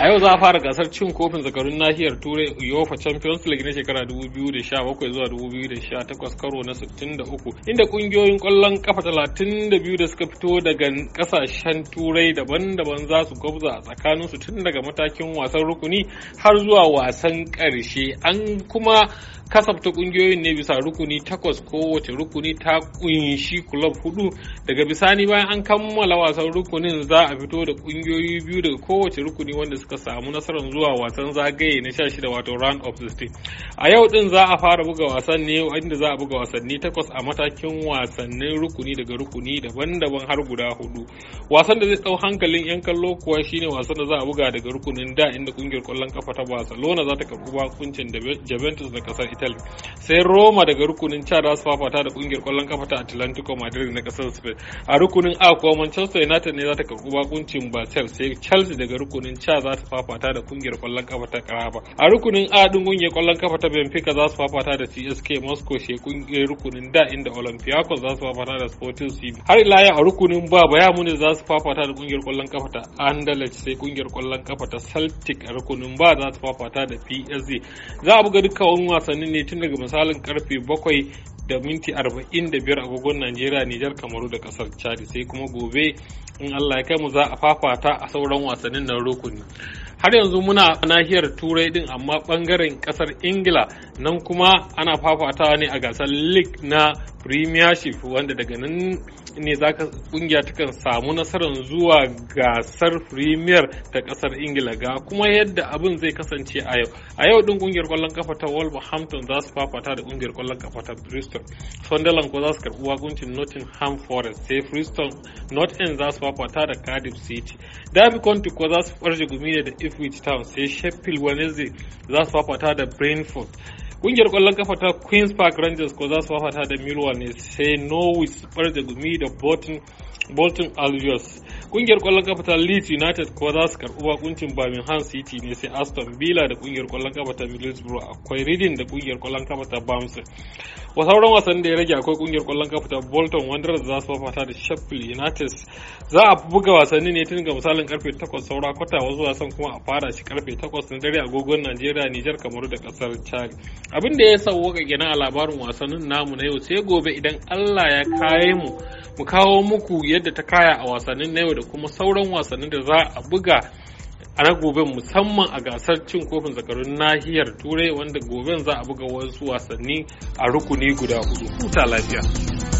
a yau za a fara gasar cin kofin zakarun nahiyar turai uefa champions league na shekara 2017 zuwa 2018 karo na 63 inda kungiyoyin kwallon kafa 32 da suka fito daga kasashen turai daban-daban za su gwabza a tsakaninsu tun daga matakin wasan rukuni har zuwa wasan karshe an kuma kasafta kungiyoyin ne bisa rukuni takwas kowace rukuni ta kunshi kulob hudu daga bisani bayan an kammala wasan rukunin za a fito da kungiyoyi biyu daga kowace rukuni wanda suka samu nasarar zuwa wasan zagaye na 16 wato round of 16 a yau din za a fara buga wasan ne inda za a buga wasanni takwas a matakin wasannin rukuni daga rukuni daban-daban har guda hudu wasan da zai dau hankalin yan kallo kuwa shine wasan da za a buga daga rukunin da inda kungiyar kwallon kafa ta Barcelona za ta karbi bakuncin Juventus da kasar Italy sai Roma daga rukunin Chad za su fafata da kungiyar kwallon kafa ta Atlantico Madrid na kasar Spain a rukunin A kuwa Manchester United ne za ta karbi bakuncin Barcelona sai Chelsea daga rukunin Chad za su fafata da kungiyar kwallon kafa ta Karaba. A rukunin A din kungiyar kwallon kafa ta Benfica za su fafata da CSK Moscow shi kungiyar rukunin da inda Olympiacos za su fafata da Sporting CB. Har ila yau a rukunin ba baya muni za su fafata da kungiyar kwallon kafa ta andalus sai kungiyar kwallon kafa ta Celtic a rukunin ba za su fafata da PSG. Za a buga dukkan wasannin ne tun daga misalin karfe bakwai da minti arba'in da biyar agogon Najeriya, Nijar, Kamaru da kasar Chad sai kuma gobe in Allah ya kai mu za a fafata a sauran wasannin nan rukuni har yanzu muna nahiyar turai din amma bangaren kasar ingila nan kuma ana fafatawa ne a gasar league na premiership wanda daga nan ne za ka kungiya takan samu nasarar zuwa gasar premier ta kasar ingila ga kuma yadda abin zai kasance a yau a yau din kungiyar kwallon kafa ta wolverhampton za su fafata da kungiyar kwallon kafa ta bristol sunderland ko za su karbi waguncin nottingham forest sai bristol north end za su fafata da cardiff city derby county ko za su farje gumi ne da ipswich town sai sheffield wednesday za su fafata da brentford kungiyar kwallon kafa ta queens park rangers ko za su ta da millwall ne sai norwich bar da gumi da bolton bolton albions kungiyar kwallon kafa ta leeds united kuwa za su karbi bakuncin birmingham city ne sai aston villa da kungiyar kwallon kafa ta middlesbrough akwai reading da kungiyar kwallon kafa ta barnsley wa sauran wasannin da ya rage akwai kungiyar kwallon kafa ta bolton wanderers za su fafata da sheffield united za a buga wasanni ne tun ga misalin karfe 8 saura kwata wasu wasan kuma a fara shi karfe 8 na dare agogon najeriya Niger, kamaru da kasar chad abin da ya sauwaka gina a labarin wasannin namu na yau sai gobe idan allah ya kaye mu mu kawo muku yadda ta kaya a wasannin na yau da kuma sauran wasannin da za a buga a na gobe musamman a gasar cin kofin zakarun nahiyar turai wanda goben za a buga wasu wasanni a rukuni guda hudu huta lafiya